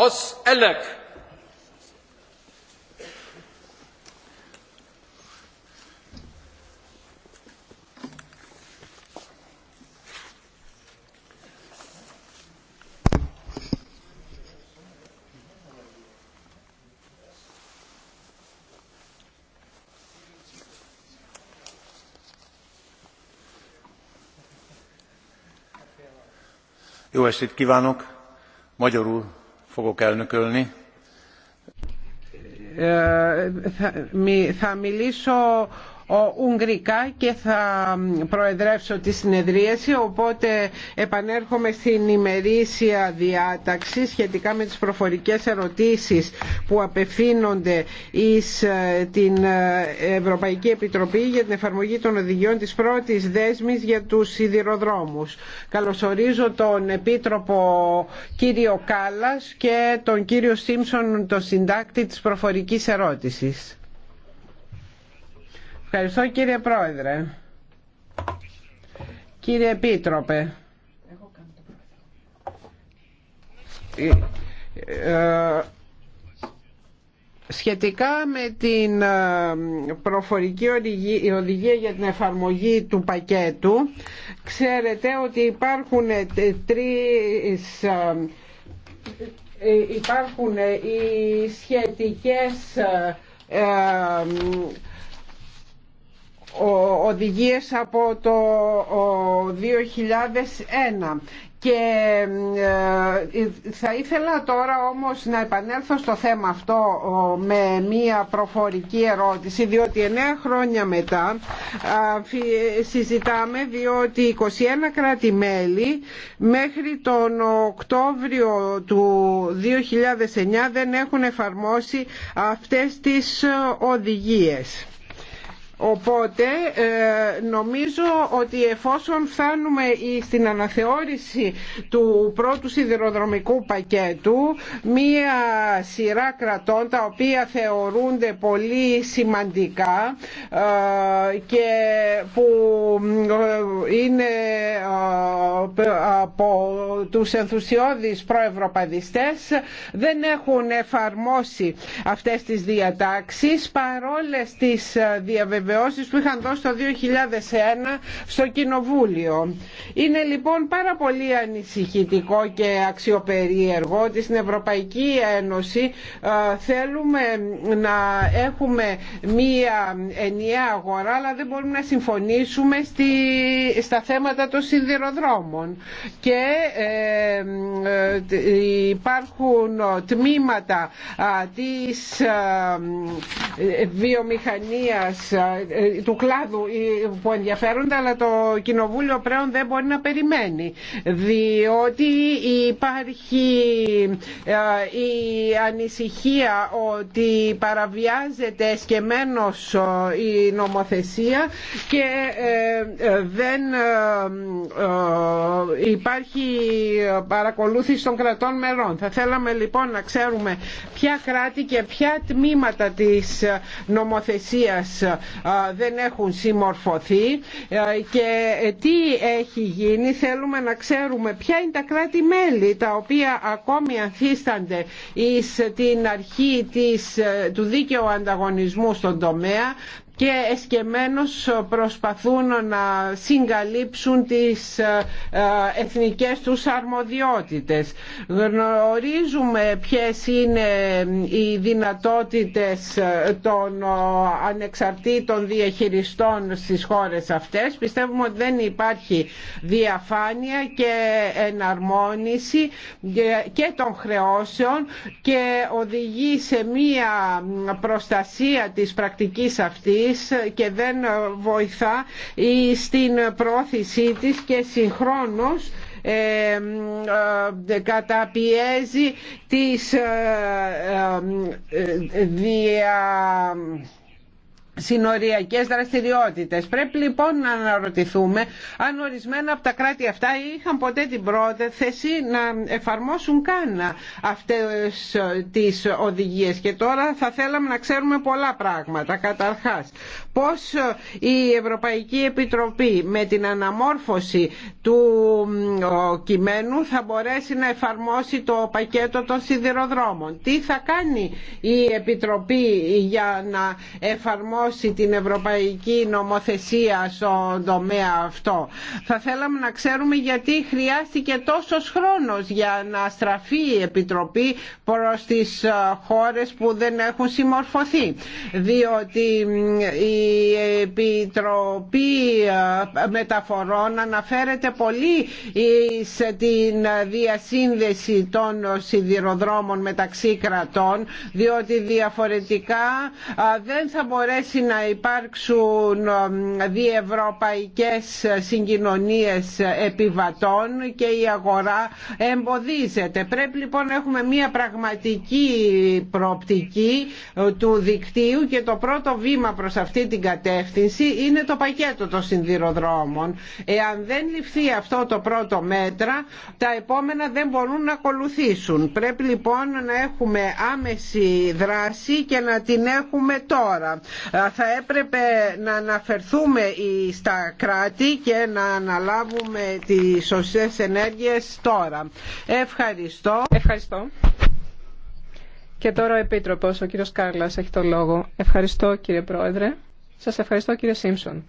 Ως elek. Jó estét kívánok! Magyarul ε, θα μιλήσω θα ουγγρικά και θα προεδρεύσω τη συνεδρίαση οπότε επανέρχομαι στην ημερήσια διάταξη σχετικά με τις προφορικές ερωτήσεις που απευθύνονται εις ε, την ε, Ευρωπαϊκή Επιτροπή για την εφαρμογή των οδηγιών της πρώτης δέσμης για τους σιδηροδρόμους. Καλωσορίζω τον Επίτροπο κύριο Κάλλας και τον κύριο Σίμψον, τον συντάκτη της προφορικής ερώτησης. Ευχαριστώ κύριε Πρόεδρε. Κύριε Επίτροπε. Ε, ε, σχετικά με την ε, προφορική οδηγία για την εφαρμογή του πακέτου, ξέρετε ότι υπάρχουν τρεις υπάρχουν οι σχετικές οδηγίες από το 2001 και ε, θα ήθελα τώρα όμως να επανέλθω στο θέμα αυτό με μία προφορική ερώτηση διότι 9 χρόνια μετά συζητάμε διότι 21 κράτη-μέλη μέχρι τον Οκτώβριο του 2009 δεν έχουν εφαρμόσει αυτές τις ε, οδηγίες. Οπότε ε, νομίζω ότι εφόσον φτάνουμε στην αναθεώρηση του πρώτου σιδηροδρομικού πακέτου μία σειρά κρατών τα οποία θεωρούνται πολύ σημαντικά ε, και που ε, είναι από τους ενθουσιώδεις προευρωπαδιστές δεν έχουν εφαρμόσει αυτές τις διατάξεις παρόλες τις διαβεβαιώσεις διαβεβαιώσεις που είχαν δώσει το 2001 στο Κοινοβούλιο. Είναι λοιπόν πάρα πολύ ανησυχητικό και αξιοπερίεργο ότι στην Ευρωπαϊκή Ένωση ε, θέλουμε να έχουμε μία ενιαία αγορά αλλά δεν μπορούμε να συμφωνήσουμε στη, στα θέματα των σιδηροδρόμων και ε, ε, υπάρχουν τμήματα της βιομηχανίας ε, του κλάδου ε, που ενδιαφέρονται αλλά το Κοινοβούλιο πλέον δεν μπορεί να περιμένει διότι υπάρχει ε, η ανησυχία ότι παραβιάζεται εσκεμμένος η νομοθεσία και δεν υπάρχει παρακολούθηση των κρατών μερών. Θα θέλαμε λοιπόν να ξέρουμε ποια κράτη και ποια τμήματα της νομοθεσίας δεν έχουν συμμορφωθεί ε, και ε, τι έχει γίνει. Θέλουμε να ξέρουμε ποια είναι τα κράτη-μέλη τα οποία ακόμη ανθίστανται εις την αρχή της, ε, του δίκαιου ανταγωνισμού στον τομέα και εσκεμμένος προσπαθούν να συγκαλύψουν τις ε, ε, εθνικές τους αρμοδιότητες. Γνωρίζουμε ποιες είναι οι δυνατότητες ε, των ανεξαρτήτων διαχειριστών στις χώρες αυτές. Πιστεύουμε ότι δεν υπάρχει διαφάνεια και εναρμόνιση και των χρεώσεων και οδηγεί σε μία προστασία της πρακτικής αυτής και δεν βοηθά στην πρόθεσή της και συγχρόνως ε, ε, καταπιέζει τις ε, δια συνοριακές δραστηριότητες. Πρέπει λοιπόν να αναρωτηθούμε αν ορισμένα από τα κράτη αυτά είχαν ποτέ την πρόθεση να εφαρμόσουν καν αυτές ε, τις οδηγίες και τώρα θα θέλαμε να ξέρουμε πολλά πράγματα. Καταρχάς, πώς ε, η Ευρωπαϊκή Επιτροπή με την αναμόρφωση του κειμένου θα μπορέσει να εφαρμόσει το πακέτο των σιδηροδρόμων. Τι θα κάνει η Επιτροπή για να εφαρμόσει στην την ευρωπαϊκή νομοθεσία στον τομέα αυτό. Θα θέλαμε να ξέρουμε γιατί χρειάστηκε τόσος χρόνος για να στραφεί η Επιτροπή προς τις ε, χώρες που δεν έχουν συμμορφωθεί. Διότι η Επιτροπή ε, Μεταφορών αναφέρεται πολύ σε την διασύνδεση των σιδηροδρόμων μεταξύ κρατών διότι διαφορετικά ε, δεν θα μπορέσει να υπάρξουν διευρωπαϊκές συγκοινωνίες επιβατών και η αγορά εμποδίζεται. Πρέπει λοιπόν να έχουμε μια πραγματική προοπτική ε, του δικτύου και το πρώτο βήμα προς αυτή την κατεύθυνση είναι το πακέτο των συνδυροδρόμων. Εάν δεν ληφθεί αυτό το πρώτο μέτρα, τα επόμενα δεν μπορούν να ακολουθήσουν. Πρέπει λοιπόν να έχουμε άμεση δράση και να την έχουμε τώρα θα έπρεπε να αναφερθούμε στα κράτη και να αναλάβουμε τις σωστές ενέργειες τώρα. Ευχαριστώ. Ευχαριστώ. Και τώρα ο Επίτροπος, ο κύριος Κάρλας, έχει το λόγο. Ευχαριστώ κύριε Πρόεδρε. Σας ευχαριστώ κύριε Σίμψον.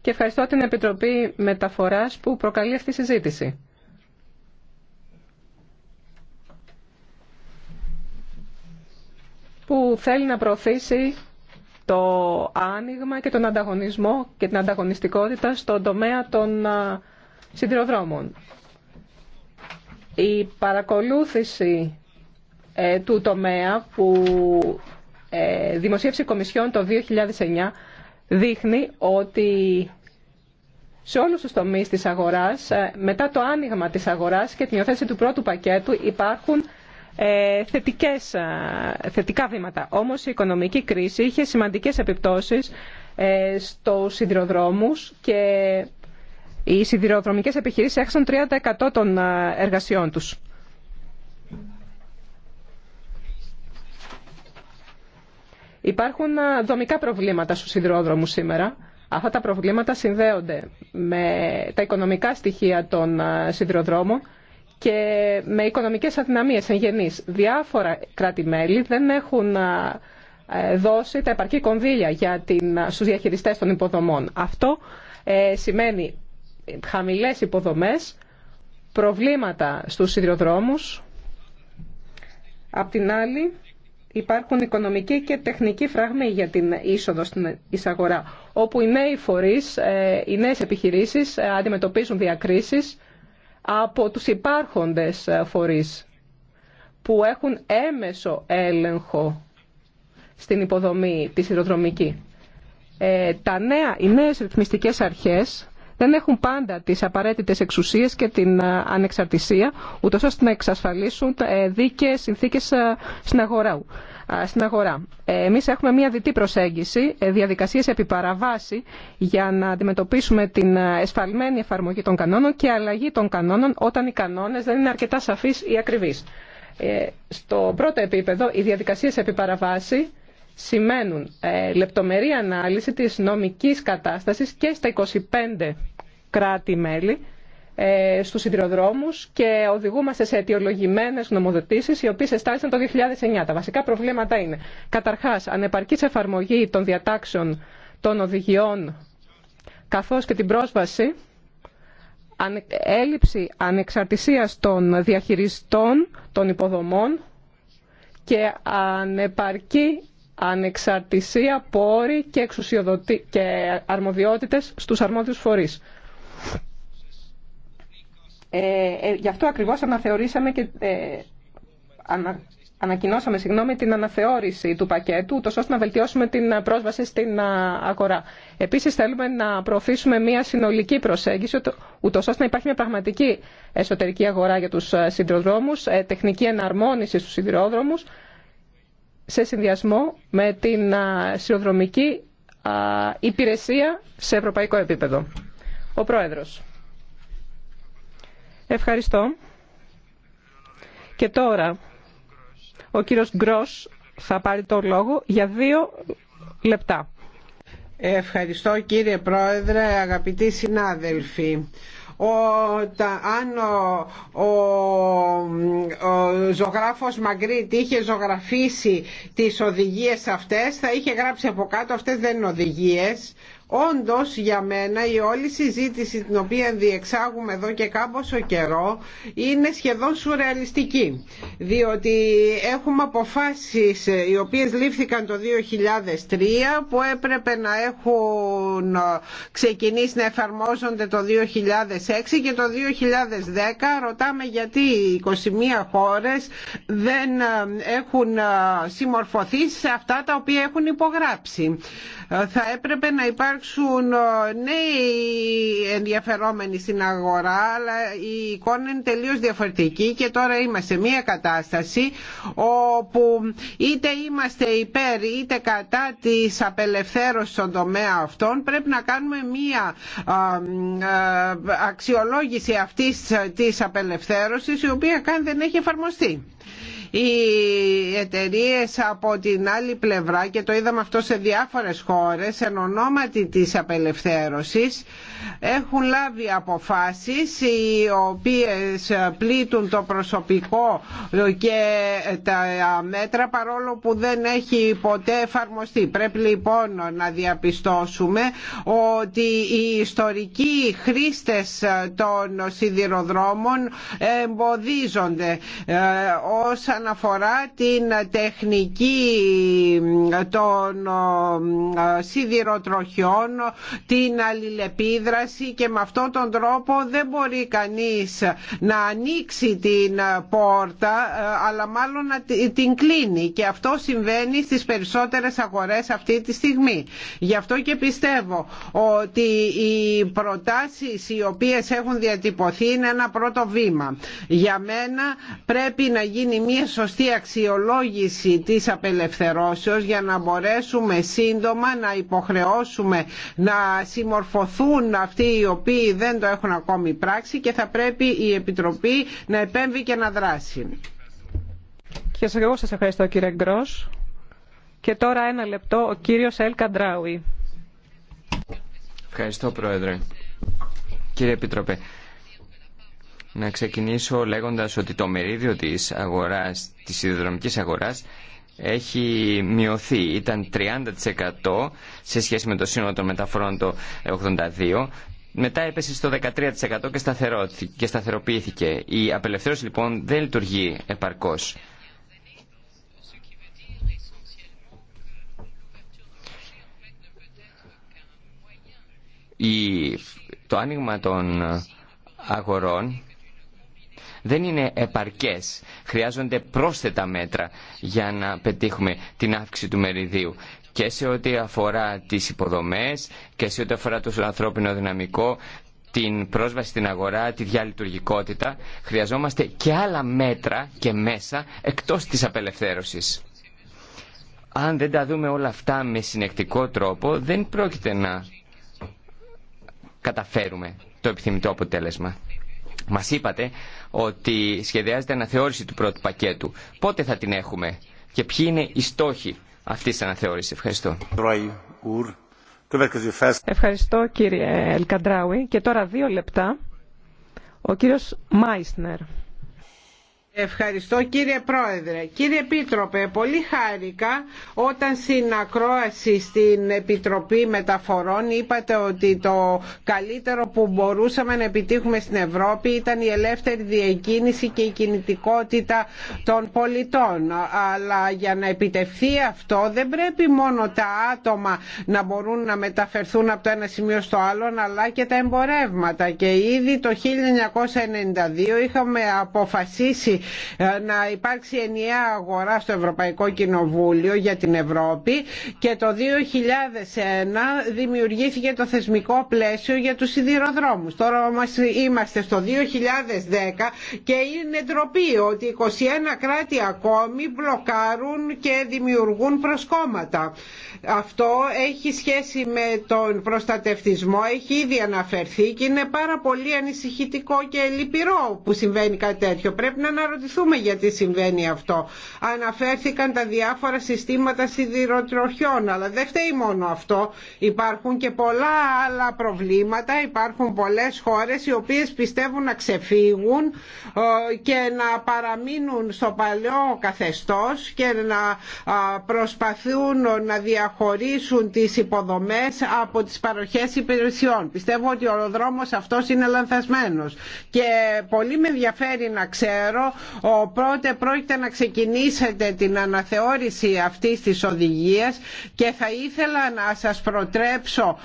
Και ευχαριστώ την Επιτροπή Μεταφοράς που προκαλεί αυτή τη συζήτηση. που θέλει να προωθήσει το άνοιγμα και τον ανταγωνισμό και την ανταγωνιστικότητα στον τομέα των σιδηροδρόμων. Η παρακολούθηση ε, του τομέα που ε, δημοσίευσε η Κομισιόν το 2009 δείχνει ότι σε όλους τους τομείς της αγοράς, ε, μετά το άνοιγμα της αγοράς και την υιοθέτηση του πρώτου πακέτου υπάρχουν ε, θετικές, θετικά βήματα. Όμως η οικονομική κρίση είχε σημαντικές επιπτώσεις ε, στους σιδηροδρόμους και οι σιδηροδρομικές επιχειρήσεις έχασαν 30% των εργασιών τους. Υπάρχουν δομικά προβλήματα στους σιδηρόδρομους σήμερα. Αυτά τα προβλήματα συνδέονται με τα οικονομικά στοιχεία των σιδηροδρόμων και με οικονομικές αδυναμίες εγγενείς. Διάφορα κράτη-μέλη δεν έχουν ε, δώσει τα επαρκή κονδύλια για την, στους διαχειριστές των υποδομών. Αυτό ε, σημαίνει χαμηλές υποδομές, προβλήματα στους σιδηροδρόμους. Απ' την άλλη υπάρχουν οικονομικοί και τεχνικοί φραγμοί για την είσοδο στην εισαγορά, όπου οι νέοι φορείς, ε, οι νέες επιχειρήσεις αντιμετωπίζουν διακρίσεις από τους υπάρχοντες ε, φορείς που έχουν έμεσο έλεγχο στην υποδομή της υδροδρομική. Ε, τα νέα, οι νέες ρυθμιστικές αρχές δεν έχουν πάντα τις απαραίτητες εξουσίες και την ε, ανεξαρτησία, ούτως ώστε να εξασφαλίσουν δίκαιες συνθήκες στην αγορά στην αγορά. Ε, εμείς έχουμε μια διτή προσέγγιση, ε, διαδικασίες επί παραβάση για να αντιμετωπίσουμε την ε, εσφαλμένη εφαρμογή των κανόνων και αλλαγή των κανόνων όταν οι κανόνες δεν είναι αρκετά σαφείς ή ακριβείς. Στο πρώτο επίπεδο, οι διαδικασίες επί παραβάση σημαίνουν λεπτομερή ανάλυση της νομικής κατάστασης και στα 25 κράτη-μέλη ε, στους σιδηροδρόμου και οδηγούμαστε σε αιτιολογημένες νομοδοτήσει οι οποίες εστάλησαν το 2009. Τα βασικά προβλήματα είναι καταρχάς ανεπαρκής εφαρμογή των διατάξεων των οδηγιών καθώς και την πρόσβαση έλλειψη ανεξαρτησία των διαχειριστών των υποδομών και ανεπαρκή ανεξαρτησία, πόρη και, και αρμοδιότητες στους αρμόδιους φορείς. Ε, ε, γι' αυτό ακριβώς αναθεωρήσαμε και ε, ανα, ανακοινώσαμε την αναθεώρηση του πακέτου, ούτως ώστε να βελτιώσουμε την πρόσβαση στην αγορά. Επίσης θέλουμε να προωθήσουμε μια συνολική προσέγγιση, ούτω ώστε να υπάρχει μια πραγματική εσωτερική αγορά για τους σιδηροδρόμους, τεχνική εναρμόνιση στους σιδηρόδρομους, σε συνδυασμό με την σιδηροδρομική υπηρεσία σε ευρωπαϊκό επίπεδο. Ο Πρόεδρος. Ευχαριστώ. Και τώρα ο κύριος Γκρός θα πάρει το λόγο για δύο λεπτά. Ευχαριστώ κύριε Πρόεδρε, αγαπητοί συνάδελφοι αν ο, ο, ο ζωγράφος Μαγκρίτ είχε ζωγραφίσει τις οδηγίες αυτές θα είχε γράψει από κάτω αυτές δεν είναι οδηγίες Όντως για μένα η όλη συζήτηση την οποία διεξάγουμε εδώ και κάμποσο καιρό είναι σχεδόν σουρεαλιστική διότι έχουμε αποφάσεις ε, οι οποίες λήφθηκαν το 2003 που έπρεπε να έχουν ε, ξεκινήσει να εφαρμόζονται το 2006 και το 2010 ρωτάμε γιατί οι 21 χώρες δεν ε, έχουν συμμορφωθεί σε αυτά τα οποία έχουν υπογράψει. Θα έπρεπε να υπάρχει υπάρξουν ε, νέοι ενδιαφερόμενοι στην αγορά αλλά η εικόνα είναι τελείως διαφορετική και τώρα είμαστε σε μια κατάσταση όπου είτε είμαστε υπέρ είτε κατά της απελευθέρωσης στον τομέα αυτών πρέπει να κάνουμε μια ε, ε, αξιολόγηση αυτής της απελευθέρωσης η οποία καν δεν έχει εφαρμοστεί οι εταιρείε από την άλλη πλευρά και το είδαμε αυτό σε διάφορες χώρες εν ονόματι της απελευθέρωσης έχουν λάβει αποφάσεις οι οποίες πλήττουν το προσωπικό και τα μέτρα παρόλο που δεν έχει ποτέ εφαρμοστεί. Πρέπει λοιπόν να διαπιστώσουμε ότι οι ιστορικοί χρήστες των σιδηροδρόμων εμποδίζονται ε, όσον αφορά την τεχνική ε, των ε, σιδηροτροχιών, την αλληλεπίδραση και με αυτόν τον τρόπο δεν μπορεί κανείς να ανοίξει την πόρτα ε, αλλά μάλλον να την κλείνει και αυτό συμβαίνει στις περισσότερες αγορές αυτή τη στιγμή. Γι' αυτό και πιστεύω ότι οι προτάσεις οι οποίες έχουν διατυπωθεί είναι ένα πρώτο βήμα. Για μένα πρέπει να γίνει μια σωστή αξιολόγηση της απελευθερώσεως για να μπορέσουμε σύντομα να υποχρεώσουμε να συμμορφωθούν αυτοί αυτοί οι οποίοι δεν το έχουν ακόμη πράξει και θα πρέπει η Επιτροπή να επέμβει και να δράσει. Και εγώ σας ευχαριστώ κύριε Γκρός. Και τώρα ένα λεπτό ο κύριος Ελ Καντράουι. Ευχαριστώ Πρόεδρε. Κύριε Επιτροπέ, να ξεκινήσω λέγοντας ότι το μερίδιο της αγοράς, της σιδηροδρομικής αγοράς, έχει μειωθεί. Ήταν 30% σε σχέση με το σύνολο των μεταφορών το 82 μετά έπεσε στο 13% και, σταθεροποιήθηκε. Η απελευθέρωση λοιπόν δεν λειτουργεί επαρκώς. Η, το άνοιγμα των αγορών δεν είναι επαρκές. Χρειάζονται πρόσθετα μέτρα για να πετύχουμε την αύξηση του μεριδίου και σε ό,τι αφορά τις υποδομές και σε ό,τι αφορά το ανθρώπινο δυναμικό, την πρόσβαση στην αγορά, τη διαλειτουργικότητα. Χρειαζόμαστε και άλλα μέτρα και μέσα εκτός της απελευθέρωσης. Αν δεν τα δούμε όλα αυτά με συνεκτικό τρόπο, δεν πρόκειται να καταφέρουμε το επιθυμητό αποτέλεσμα. Μας είπατε ότι σχεδιάζεται αναθεώρηση του πρώτου πακέτου. Πότε θα την έχουμε και ποιοι είναι οι στόχοι αυτή τη αναθεώρηση. Ευχαριστώ. Ευχαριστώ κύριε Ελκαντράουι. Και τώρα δύο λεπτά ο κύριος Μάισνερ. Ευχαριστώ κύριε Πρόεδρε. Κύριε Επίτροπε, πολύ χάρηκα όταν στην ακρόαση στην Επιτροπή Μεταφορών είπατε ότι το καλύτερο που μπορούσαμε να επιτύχουμε στην Ευρώπη ήταν η ελεύθερη διακίνηση και η κινητικότητα των πολιτών. Αλλά για να επιτευχθεί αυτό δεν πρέπει μόνο τα άτομα να μπορούν να μεταφερθούν από το ένα σημείο στο άλλο αλλά και τα εμπορεύματα. Και ήδη το 1992 είχαμε αποφασίσει ε, να υπάρξει ενιαία αγορά στο Ευρωπαϊκό Κοινοβούλιο για την Ευρώπη και το 2001 δημιουργήθηκε το θεσμικό πλαίσιο για τους σιδηροδρόμους. Τώρα όμως είμαστε στο 2010 και είναι ντροπή ότι 21 κράτη ακόμη μπλοκάρουν και δημιουργούν προσκόμματα. Αυτό έχει σχέση με τον προστατευτισμό, έχει ήδη αναφερθεί και είναι πάρα πολύ ανησυχητικό και λυπηρό που συμβαίνει κάτι τέτοιο. Πρέπει να αναρωτηθούμε γιατί συμβαίνει αυτό. Αναφέρθηκαν τα διάφορα συστήματα σιδηροτροχιών, αλλά δεν φταίει μόνο αυτό. Υπάρχουν και πολλά άλλα προβλήματα, υπάρχουν πολλές χώρες οι οποίες πιστεύουν να ξεφύγουν ε, και να παραμείνουν στο παλαιό καθεστώς και να ε, προσπαθούν να διαχωρίσουν τις υποδομές από τις παροχές υπηρεσιών. Πιστεύω ότι ο δρόμος αυτός είναι λανθασμένος και πολύ με ενδιαφέρει να ξέρω Οπότε πρόκειται να ξεκινήσετε την αναθεώρηση αυτής της οδηγίας και θα ήθελα να σας προτρέψω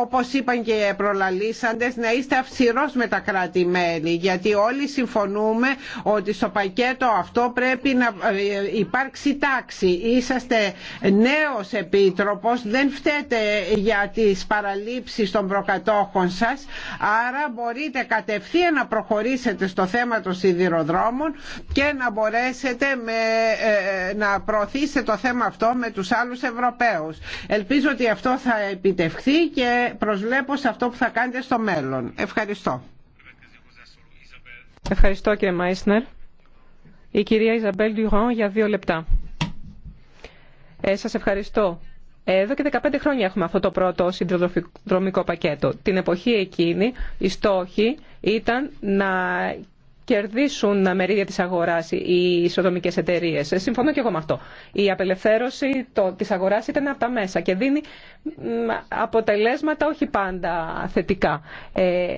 όπως είπαν και οι προλαλήσαντες να είστε αυστηρός με τα κράτη-μέλη γιατί όλοι συμφωνούμε ότι στο πακέτο αυτό πρέπει να ε, υπάρξει τάξη. Είσαστε νέος επίτροπος, δεν φταίτε για τις παραλήψεις των προκατόχων σας άρα μπορείτε κατευθείαν να προχωρήσετε στο θέμα των σιδηροδρόμων και να μπορέσετε με, ε, να προωθήσετε το θέμα αυτό με τους άλλους Ευρωπαίους. Ελπίζω ότι αυτό θα επιτευχθεί και προσβλέπω σε αυτό που θα κάνετε στο μέλλον. Ευχαριστώ. Ευχαριστώ κύριε Μάισνερ. Η κυρία Ιζαμπέλ Ντουγάν για δύο λεπτά. Ε, σας ευχαριστώ. Ε, εδώ και 15 χρόνια έχουμε αυτό το πρώτο συνδρομικό πακέτο. Την εποχή εκείνη οι στόχοι ήταν να κερδίσουν μερίδια της αγοράς οι ισοδομικές εταιρείε. Συμφωνώ και εγώ με αυτό. Η απελευθέρωση τη της αγοράς ήταν από τα μέσα και δίνει αποτελέσματα όχι πάντα θετικά. Ε,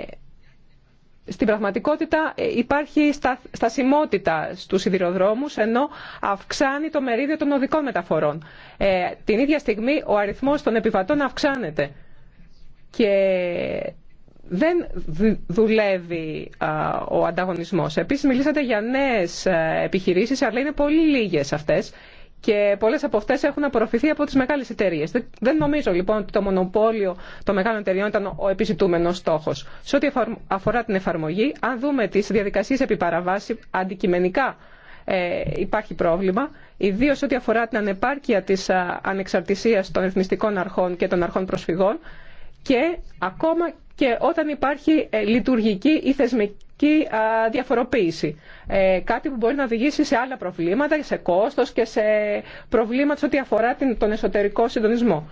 στην πραγματικότητα ε, υπάρχει στασιμότητα στους σιδηροδρόμους ενώ αυξάνει το μερίδιο των οδικών μεταφορών. Ε, την ίδια στιγμή ο αριθμός των επιβατών αυξάνεται και δεν δουλεύει ο ανταγωνισμός. Επίσης μιλήσατε για νέες ε, επιχειρήσεις, αλλά είναι πολύ λίγες αυτές και πολλές από αυτές έχουν απορροφηθεί από τις μεγάλες εταιρείε. Δεν νομίζω λοιπόν ότι το μονοπόλιο των μεγάλων εταιρεών ήταν ο επιζητούμενος στόχος. Σε ό,τι αφορά την εφαρμογή, αν δούμε τις διαδικασίες επί παραβάση, αντικειμενικά ε, υπάρχει πρόβλημα, ιδίω ό,τι αφορά την ανεπάρκεια της ε, ανεξαρτησίας των εθνιστικών αρχών και των αρχών προσφυγών και ακόμα και όταν υπάρχει ε, λειτουργική ή θεσμική διαφοροποίηση. Ε, κάτι που μπορεί να οδηγήσει σε άλλα προβλήματα, σε κόστος και σε προβλήματα ό,τι αφορά τον εσωτερικό συντονισμό.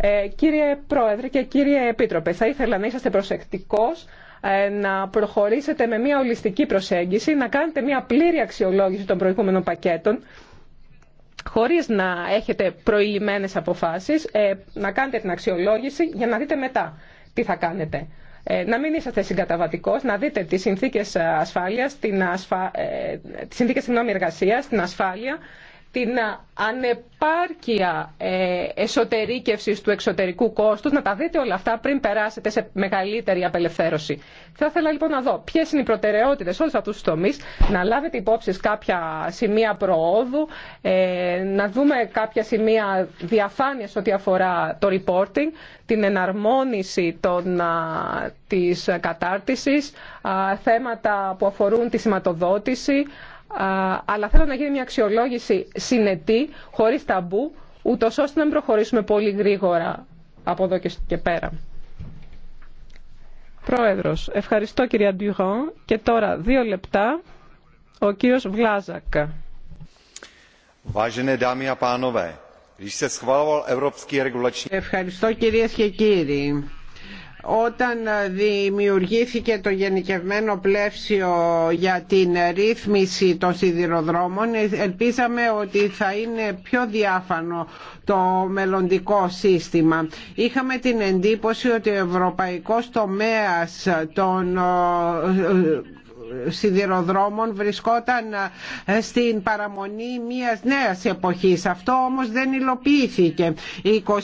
Ε, κύριε Πρόεδρε και κύριε Επίτροπε, θα ήθελα να είσαστε προσεκτικός να προχωρήσετε με μια ολιστική προσέγγιση, να κάνετε μια πλήρη αξιολόγηση των προηγούμενων πακέτων, χωρίς να έχετε προηγημένες αποφάσεις, να κάνετε την αξιολόγηση για να δείτε μετά τι θα κάνετε. Ε, να μην είσαστε συγκαταβατικό, να δείτε τι συνθήκες ασφάλειας, τι ασφα... τις συνθήκες ε, ε, εργασίας, την ασφάλεια την ανεπάρκεια ε, εσωτερήκευση του εξωτερικού κόστου, να τα δείτε όλα αυτά πριν περάσετε σε μεγαλύτερη απελευθέρωση. Θα ήθελα λοιπόν να δω ποιε είναι οι προτεραιότητες όλου αυτού του τομεί, να λάβετε υπόψη κάποια σημεία προόδου, ε, να δούμε κάποια σημεία διαφάνειας ό,τι αφορά το reporting, την εναρμόνιση των, της κατάρτισης, θέματα που αφορούν τη σηματοδότηση, αλλά θέλω να γίνει μια αξιολόγηση συνετή, χωρίς ταμπού, ούτω ώστε να μην προχωρήσουμε πολύ γρήγορα από εδώ και πέρα. Πρόεδρος, ευχαριστώ κυρία Ντουγόν. Και τώρα δύο λεπτά, ο κύριος Βλάζακ. Ευχαριστώ κυρίες και κύριοι όταν δημιουργήθηκε το γενικευμένο πλαίσιο για την ρύθμιση των σιδηροδρόμων ελπίζαμε ότι θα είναι πιο διάφανο το μελλοντικό σύστημα. Είχαμε την εντύπωση ότι ο ευρωπαϊκός τομέας των σιδηροδρόμων βρισκόταν ε, στην παραμονή μιας νέας εποχής. Αυτό όμως δεν υλοποιήθηκε. Οι 21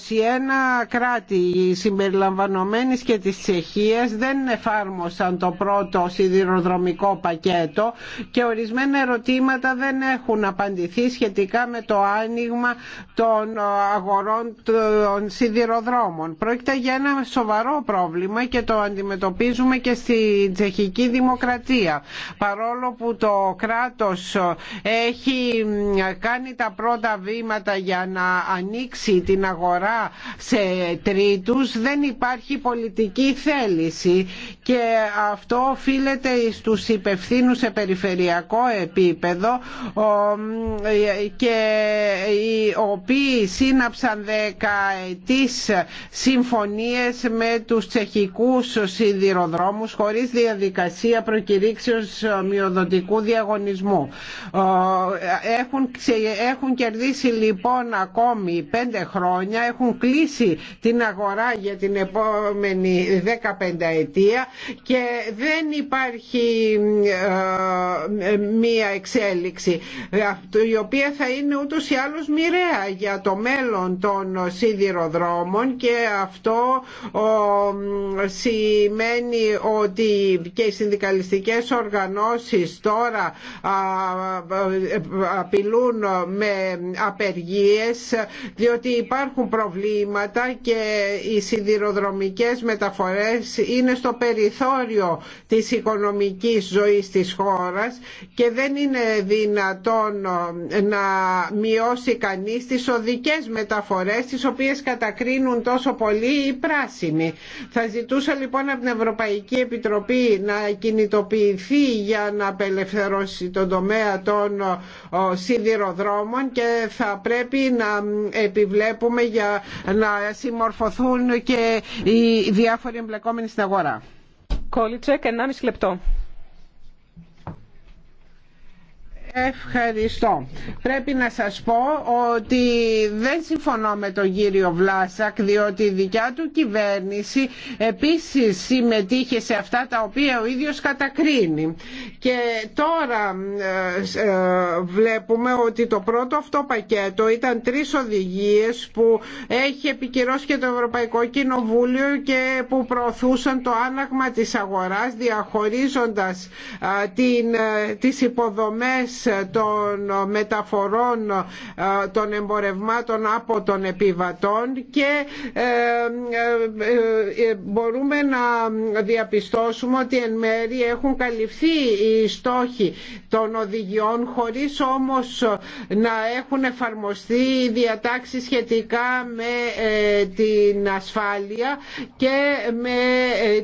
κράτη συμπεριλαμβανομένης και της Τσεχίας δεν εφάρμοσαν το πρώτο σιδηροδρομικό πακέτο και ορισμένα ερωτήματα δεν έχουν απαντηθεί σχετικά με το άνοιγμα των αγορών των σιδηροδρόμων. Πρόκειται για ένα σοβαρό πρόβλημα και το αντιμετωπίζουμε και στη τσεχική δημοκρατία. Παρόλο που το κράτος έχει κάνει τα πρώτα βήματα για να ανοίξει την αγορά σε τρίτους, δεν υπάρχει πολιτική θέληση και αυτό οφείλεται στους υπευθύνους σε περιφερειακό επίπεδο και οι οποίοι σύναψαν δεκαετής συμφωνίες με τους τσεχικούς σιδηροδρόμους χωρίς διαδικασία προκηρύξης φύσεως μειοδοτικού διαγωνισμού. Έχουν, έχουν κερδίσει λοιπόν ακόμη πέντε χρόνια, έχουν κλείσει την αγορά για την επόμενη 15 ετία και δεν υπάρχει ε, μία εξέλιξη ε, η οποία θα είναι ούτως ή άλλως μοιραία για το μέλλον των σιδηροδρόμων και αυτό σημαίνει ότι και οι συνδικαλιστικές οργανώσεις τώρα απειλούν με απεργίες διότι υπάρχουν προβλήματα και οι σιδηροδρομικές μεταφορές είναι στο περιθώριο της οικονομικής ζωής της χώρας και δεν είναι δυνατόν να μειώσει κανείς τις οδικές μεταφορές τις οποίες κατακρίνουν τόσο πολύ οι πράσινοι. Θα ζητούσα λοιπόν από την Ευρωπαϊκή Επιτροπή να κινητοποιηθεί για να απελευθερώσει τον τομέα των σιδηροδρόμων και θα πρέπει να επιβλέπουμε για να συμμορφωθούν και οι διάφοροι εμπλεκόμενοι στην αγορά. Κόλιτσεκ, 1,5 λεπτό. Ευχαριστώ. Πρέπει να σας πω ότι δεν συμφωνώ με τον κύριο Βλάσακ διότι η δικιά του κυβέρνηση επίσης συμμετείχε σε αυτά τα οποία ο ίδιος κατακρίνει. Και τώρα ε, ε, βλέπουμε ότι το πρώτο αυτό πακέτο ήταν τρεις οδηγίες που έχει επικυρώσει και το Ευρωπαϊκό Κοινοβούλιο και που προωθούσαν το άναγμα της αγοράς διαχωρίζοντας ε, την, τις υποδομές των μεταφορών ε, των εμπορευμάτων από των επιβατών και ε, ε, μπορούμε να διαπιστώσουμε ότι εν μέρη έχουν καλυφθεί οι στόχοι των οδηγιών χωρίς όμως να έχουν εφαρμοστεί οι διατάξεις σχετικά με την ασφάλεια και με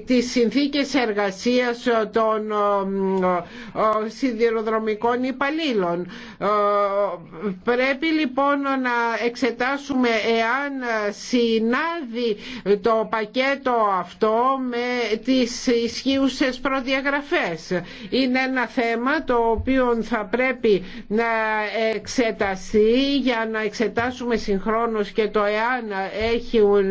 τις συνθήκες εργασίας των σιδηροδρομικών υπαλλήλων υπαλλήλων ε, πρέπει λοιπόν να εξετάσουμε εάν συνάδει το πακέτο αυτό με τις ισχύουσες προδιαγραφές. Είναι ένα θέμα το οποίο θα πρέπει να εξεταστεί για να εξετάσουμε συγχρόνως και το εάν έχουν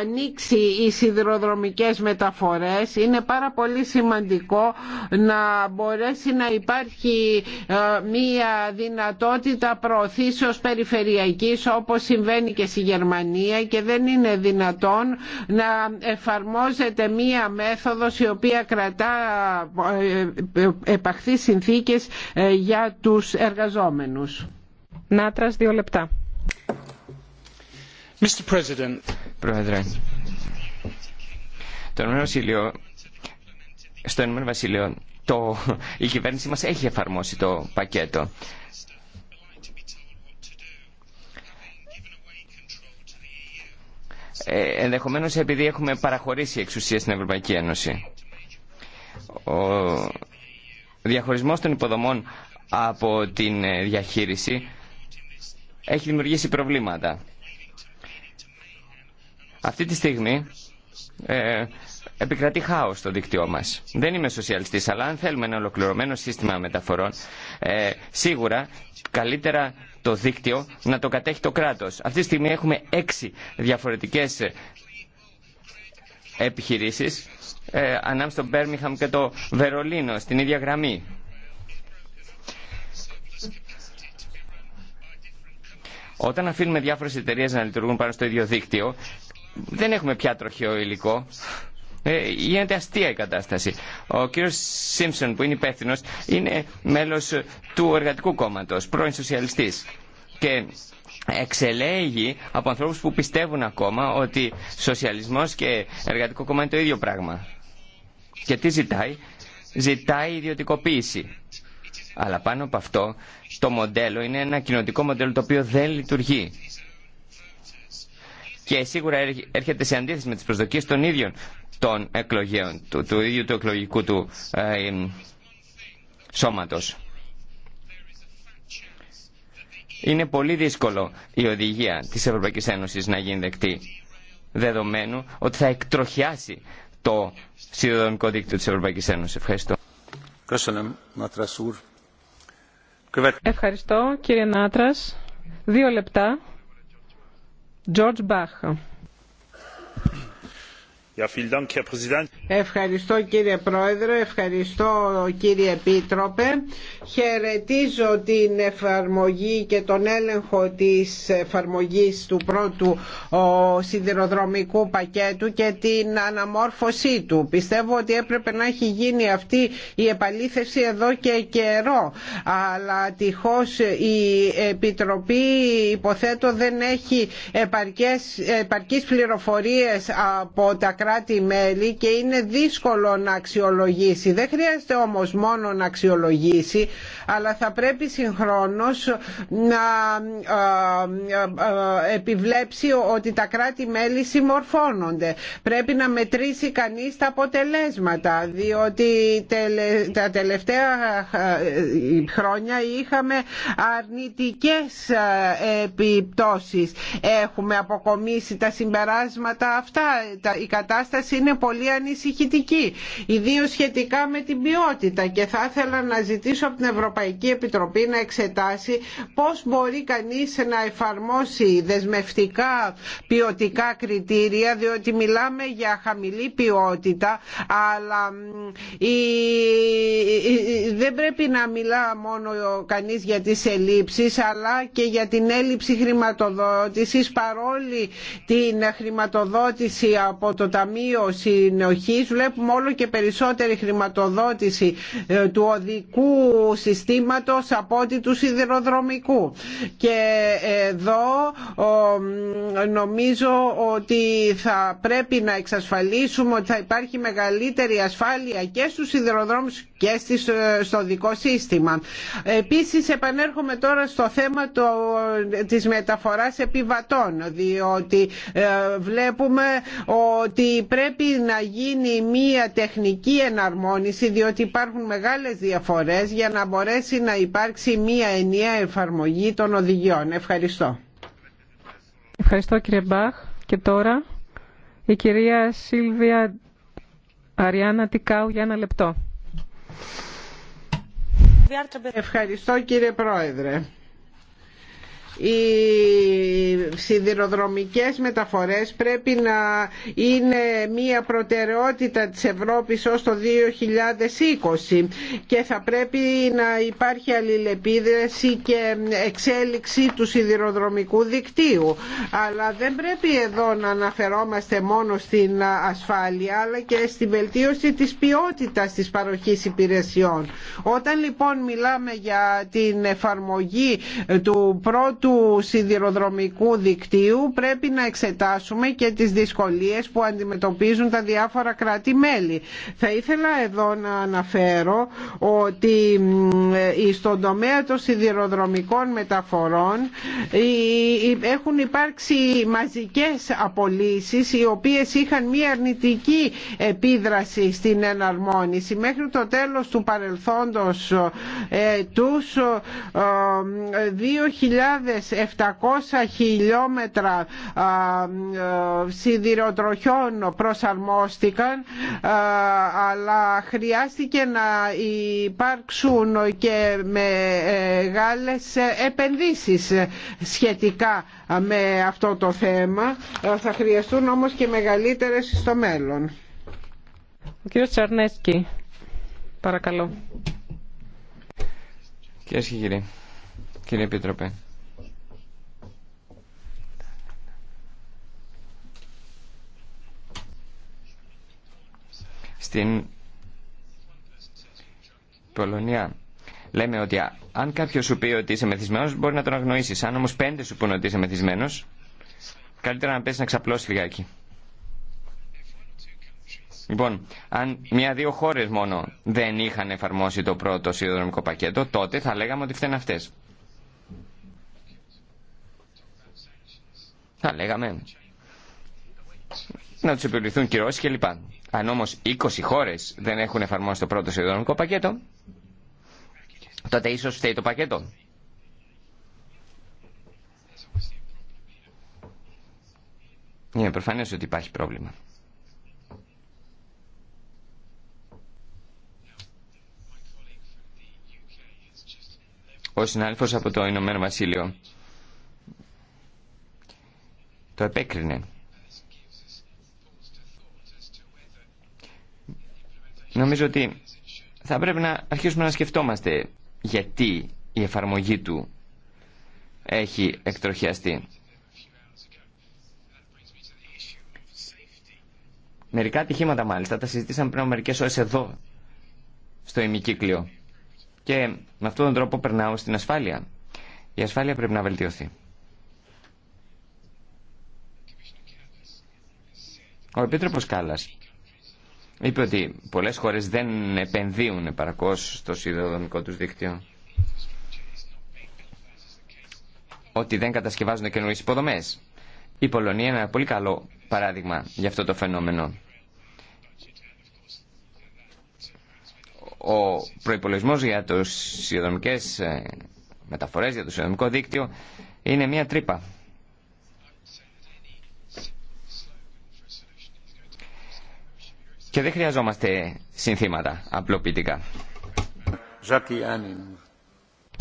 ανοίξει οι σιδηροδρομικές μεταφορές. Είναι πάρα πολύ σημαντικό να μπορέσει να υπάρχει ε, μία δυνατότητα δυνατότητα προωθήσεως περιφερειακής όπως συμβαίνει και στη Γερμανία και δεν είναι δυνατόν να εφαρμόζεται μία μέθοδος η οποία κρατά ε, ε, επαχθεί συνθήκες ε, για τους εργαζόμενους. Νάτρας, δύο λεπτά. Πρόεδρε, στο το, η κυβέρνησή μας έχει εφαρμόσει το πακέτο. Ε, ενδεχομένως επειδή έχουμε παραχωρήσει εξουσία στην Ευρωπαϊκή Ένωση. Ο διαχωρισμός των υποδομών από την ε, διαχείριση έχει δημιουργήσει προβλήματα. Αυτή τη στιγμή ε, επικρατεί χάο στο δίκτυό μα. Δεν είμαι σοσιαλιστή, αλλά αν θέλουμε ένα ολοκληρωμένο σύστημα μεταφορών, ε, σίγουρα καλύτερα το δίκτυο να το κατέχει το κράτο. Αυτή τη στιγμή έχουμε έξι διαφορετικέ ε, επιχειρήσει ε, ανάμεσα στο Μπέρμιχαμ και το Βερολίνο, στην ίδια γραμμή. Όταν αφήνουμε διάφορες εταιρείες να λειτουργούν πάνω στο ίδιο δίκτυο, δεν έχουμε πια τροχαίο υλικό. Ε, γίνεται αστεία η κατάσταση. Ο κύριο Σίμψον που είναι υπεύθυνο είναι μέλος του Εργατικού κόμματο, πρώην σοσιαλιστής. Και εξελέγει από ανθρώπου που πιστεύουν ακόμα ότι σοσιαλισμό και εργατικό κόμμα είναι το ίδιο πράγμα. Και τι ζητάει. Ζητάει ιδιωτικοποίηση. Αλλά πάνω από αυτό το μοντέλο είναι ένα κοινωτικό μοντέλο το οποίο δεν λειτουργεί. Και σίγουρα έρχεται σε αντίθεση με τις προσδοκίες των ίδιων των εκλογέων του, του ίδιου του εκλογικού του ε, σώματος. Είναι πολύ δύσκολο η οδηγία της Ευρωπαϊκής Ένωσης να γίνει δεκτή, δεδομένου ότι θα εκτροχιάσει το σιδηροδρομικό δίκτυο της Ευρωπαϊκής Ένωσης. Ευχαριστώ. Ευχαριστώ κύριε Νάτρας. Δύο λεπτά. George Bach. Ευχαριστώ κύριε Πρόεδρε, ευχαριστώ κύριε Επίτροπε. Χαιρετίζω την εφαρμογή και τον έλεγχο της εφαρμογής του πρώτου σιδηροδρομικού πακέτου και την αναμόρφωσή του. Πιστεύω ότι έπρεπε να έχει γίνει αυτή η επαλήθευση εδώ και καιρό. Αλλά τυχώς η Επιτροπή υποθέτω δεν έχει επαρκές, επαρκείς πληροφορίες από τα κράτη και είναι δύσκολο να αξιολογήσει. Δεν χρειάζεται όμως μόνο να αξιολογήσει, αλλά θα πρέπει συγχρόνως να ε, ε, επιβλέψει ότι τα κράτη-μέλη συμμορφώνονται. Πρέπει να μετρήσει κανείς τα αποτελέσματα, διότι τα τελευταία ε, χρόνια είχαμε αρνητικές επιπτώσεις. Έχουμε αποκομίσει τα συμπεράσματα αυτά, η κατάσταση κατάσταση είναι πολύ ανησυχητική, ιδίω σχετικά με την ποιότητα και θα ήθελα να ζητήσω από την Ευρωπαϊκή Επιτροπή να εξετάσει πώς μπορεί κανείς να εφαρμόσει δεσμευτικά ποιοτικά κριτήρια διότι μιλάμε για χαμηλή ποιότητα αλλά δεν πρέπει να μιλά μόνο κανείς για τις ελλείψεις αλλά και για την έλλειψη χρηματοδότησης παρόλη την χρηματοδότηση από το Ταμείο Συνοχής βλέπουμε όλο και περισσότερη χρηματοδότηση ε, του οδικού συστήματος από ότι του σιδηροδρομικού. Και εδώ νομίζω ότι θα πρέπει να εξασφαλίσουμε ότι θα υπάρχει μεγαλύτερη ασφάλεια και στους σιδηροδρόμους και ε, στο δικό σύστημα. Επίσης επανέρχομαι τώρα στο θέμα τη της μεταφοράς επιβατών διότι ε, βλέπουμε ότι πρέπει να γίνει μία τεχνική εναρμόνιση διότι υπάρχουν μεγάλες διαφορές για να μπορέσει να υπάρξει μία ενιαία εφαρμογή των οδηγιών. Ευχαριστώ. Ευχαριστώ κύριε Μπαχ. Και τώρα η κυρία Σίλβια Αριάννα Τικάου για ένα λεπτό. Ευχαριστώ κύριε Πρόεδρε. Η σιδηροδρομικές μεταφορές πρέπει να είναι μία προτεραιότητα της Ευρώπης ως το 2020 και θα πρέπει να υπάρχει αλληλεπίδραση και εξέλιξη του σιδηροδρομικού δικτύου. Αλλά δεν πρέπει εδώ να αναφερόμαστε μόνο στην ασφάλεια αλλά και στην βελτίωση της ποιότητας της παροχής υπηρεσιών. Όταν λοιπόν μιλάμε για την εφαρμογή του πρώτου σιδηροδρομικού ηλεκτρονικού δικτύου πρέπει να εξετάσουμε και τις δυσκολίες που αντιμετωπίζουν τα διάφορα κράτη-μέλη. Θα ήθελα εδώ να αναφέρω ότι στον ε, τομέα των σιδηροδρομικών μεταφορών ε, ε, έχουν υπάρξει μαζικές απολύσεις οι οποίες είχαν μία αρνητική επίδραση στην εναρμόνιση. Μέχρι το τέλος του παρελθόντος τους 2.700 χιλιόμετρα ε, σιδηροτροχιών προσαρμόστηκαν αλλά χρειάστηκε να υπάρξουν και μεγάλες ε, επενδύσεις σχετικά με αυτό το θέμα. Ε, θα χρειαστούν όμως και μεγαλύτερες στο μέλλον. Ο κύριος Τσαρνέσκι, παρακαλώ. Κυρίε και κύριε Επίτροπε, Στην Πολωνία λέμε ότι αν κάποιο σου πει ότι είσαι μεθυσμένο, μπορεί να τον αγνοήσει. Αν όμω πέντε σου πούνε ότι είσαι μεθυσμένο, καλύτερα να πέσει να ξαπλώσει λιγάκι. Λοιπόν, αν μια-δύο χώρε μόνο δεν είχαν εφαρμόσει το πρώτο σιδηροδρομικό πακέτο, τότε θα λέγαμε ότι φταίνουν αυτές. Θα λέγαμε να του επιβληθούν κυρώσει κλπ. Αν όμως 20 χώρε δεν έχουν εφαρμόσει το πρώτο σιδηρονομικό πακέτο, τότε ίσω φταίει το πακέτο. Είναι προφανές ότι υπάρχει πρόβλημα. Ο συνάδελφο από το Ηνωμένο Βασίλειο το επέκρινε. Νομίζω ότι θα πρέπει να αρχίσουμε να σκεφτόμαστε γιατί η εφαρμογή του έχει εκτροχιαστεί. Μερικά ατυχήματα μάλιστα τα συζητήσαμε πριν μερικέ ώρες εδώ, στο ημικύκλιο. Και με αυτόν τον τρόπο περνάω στην ασφάλεια. Η ασφάλεια πρέπει να βελτιωθεί. Ο Επίτροπος Κάλλας είπε ότι πολλές χώρες δεν επενδύουν παρακώς στο σιδηροδρομικό τους δίκτυο. Ότι δεν κατασκευάζουν καινούριες υποδομές. Η Πολωνία είναι ένα πολύ καλό παράδειγμα για αυτό το φαινόμενο. Ο προπολογισμό για τους σιδηροδρομικές ε, μεταφορές, για το σιδηροδρομικό δίκτυο είναι μια τρύπα Και δεν χρειαζόμαστε συνθήματα απλοποιητικά.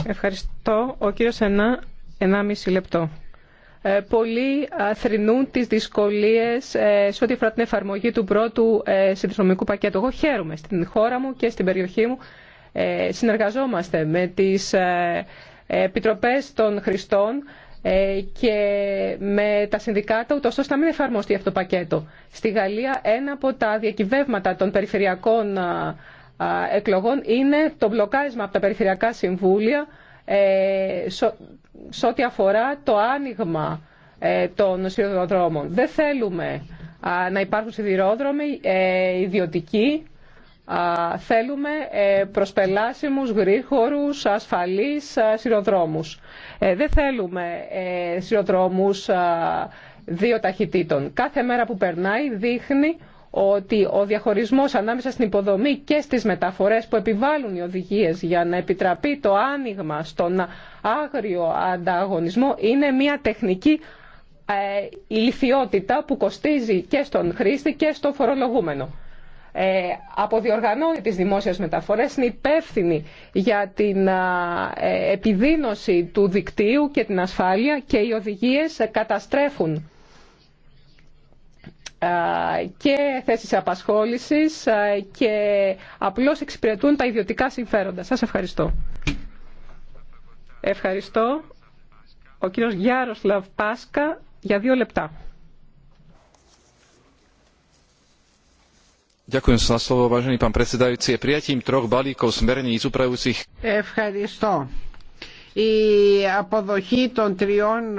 Ευχαριστώ. Ο κύριος Ενά, 1,5 λεπτό. Ε, πολλοί θρυνούν τις δυσκολίες ε, σε ό,τι αφορά την εφαρμογή του πρώτου ε, πακέτου. Εγώ χαίρομαι στην χώρα μου και στην περιοχή μου. Ε, συνεργαζόμαστε με τις ε, επιτροπές των χρηστών ε, και με τα συνδικάτα, ούτως ώστε να μην εφαρμοστεί αυτό το πακέτο. Στη Γαλλία ένα από τα διακυβεύματα των περιφερειακών εκλογών είναι το μπλοκάρισμα από τα περιφερειακά συμβούλια σε ό,τι αφορά το άνοιγμα ε, των σιδηροδρόμων. Δεν θέλουμε να υπάρχουν σιδηρόδρομοι ε, ιδιωτικοί θέλουμε ε, προσπελάσιμους, γρήγορους, ασφαλείς σειροδρόμους. Ε, δεν θέλουμε ε, σειροδρόμους δύο ταχυτήτων. Κάθε μέρα που περνάει δείχνει ότι ο διαχωρισμός ανάμεσα στην υποδομή και στις μεταφορές που επιβάλλουν οι οδηγίες για να επιτραπεί το άνοιγμα στον άγριο ανταγωνισμό είναι μια τεχνική ηλικιότητα που κοστίζει και στον χρήστη και στον φορολογούμενο. Ε, αποδιοργανώνει τις δημόσιες μεταφορές, είναι υπεύθυνη για την ε, επιδίνωση του δικτύου και την ασφάλεια και οι οδηγίες καταστρέφουν και θέσεις απασχόλησης και απλώς εξυπηρετούν τα ιδιωτικά συμφέροντα. Σας ευχαριστώ. Ευχαριστώ. Ο κύριος Γιάρος Πάσκα για δύο λεπτά. Ευχαριστώ η αποδοχή των τριών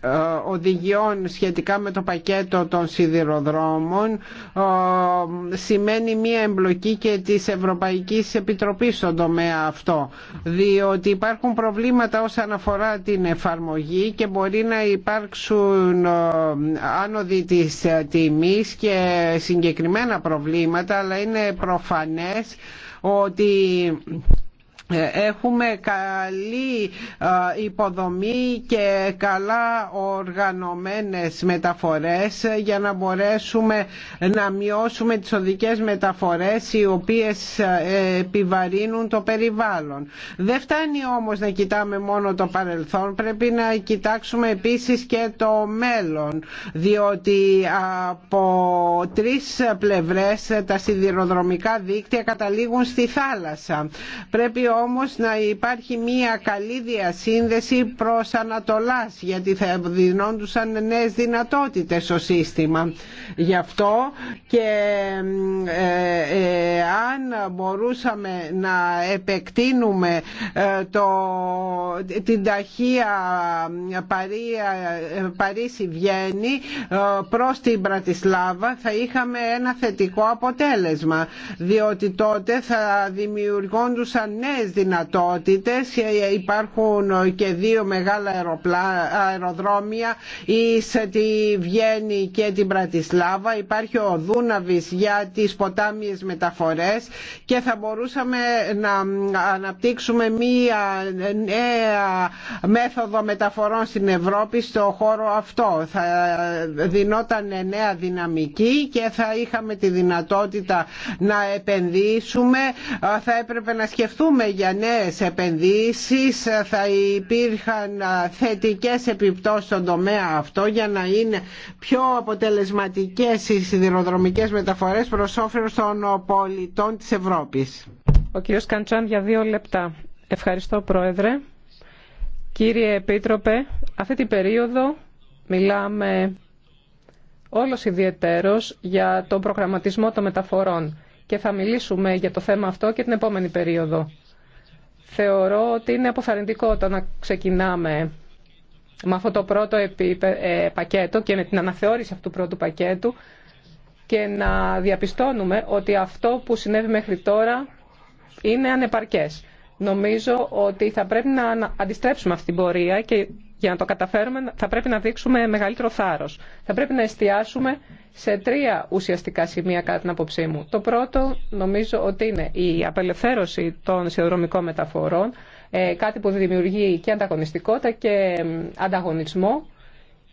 ε, οδηγιών σχετικά με το πακέτο των σιδηροδρόμων ε, σημαίνει μία εμπλοκή και της Ευρωπαϊκής Επιτροπής στον τομέα αυτό διότι υπάρχουν προβλήματα όσον αφορά την εφαρμογή και μπορεί να υπάρξουν ε, άνοδοι της τιμής και συγκεκριμένα προβλήματα αλλά είναι προφανές ότι ε, έχουμε καλή υποδομή και καλά οργανωμένες μεταφορές για να μπορέσουμε να μειώσουμε τις οδικές μεταφορές οι οποίες επιβαρύνουν το περιβάλλον. Δεν φτάνει όμως να κοιτάμε μόνο το παρελθόν, πρέπει να κοιτάξουμε επίσης και το μέλλον διότι από τρεις πλευρές τα σιδηροδρομικά δίκτυα καταλήγουν στη θάλασσα. Πρέπει όμως να υπάρχει μια καλή διασύνδεση προς Ανατολάς γιατί θα δινόντουσαν νέες δυνατότητες στο σύστημα. Γι' αυτό και ε, ε, αν μπορούσαμε να επεκτείνουμε ε, το, την ταχεία Παρίσι-Βιέννη προς την Πρατισλάβα θα είχαμε ένα θετικό αποτέλεσμα διότι τότε θα δημιουργόντουσαν νέες πολλές δυνατότητες ε, ε, υπάρχουν και δύο μεγάλα αεροδρόμια ή σε τη Βιέννη και την Πρατισλάβα υπάρχει ο Δούναβης για τις ποτάμιες μεταφορές και θα μπορούσαμε να αναπτύξουμε μία νέα μέθοδο μεταφορών στην Ευρώπη στο χώρο αυτό θα δινόταν νέα δυναμική και θα είχαμε τη δυνατότητα να επενδύσουμε ε, θα έπρεπε να σκεφτούμε για νέες επενδύσεις θα υπήρχαν θετικές επιπτώσεις στον τομέα αυτό για να είναι πιο αποτελεσματικές οι σιδηροδρομικές μεταφορές προς όφελος των πολιτών της Ευρώπης. Ο κ. Καντσάν για δύο λεπτά. Ευχαριστώ Πρόεδρε. Κύριε Επίτροπε, αυτή την περίοδο μιλάμε όλος ιδιαιτέρως για τον προγραμματισμό των μεταφορών και θα μιλήσουμε για το θέμα αυτό και την επόμενη περίοδο. Θεωρώ ότι είναι αποθαρρυντικό το να ξεκινάμε με αυτό το πρώτο ε, πακέτο και με την αναθεώρηση αυτού του πρώτου πακέτου και να διαπιστώνουμε ότι αυτό που συνέβη μέχρι τώρα είναι ανεπαρκές. Νομίζω ότι θα πρέπει να αντιστρέψουμε αυτή την πορεία και για να το καταφέρουμε θα πρέπει να δείξουμε μεγαλύτερο θάρρος. Θα πρέπει να εστιάσουμε σε τρία ουσιαστικά σημεία κατά την απόψή μου. Το πρώτο νομίζω ότι είναι η απελευθέρωση των σιδηροδρομικών μεταφορών, ε, κάτι που δημιουργεί και ανταγωνιστικότητα και ανταγωνισμό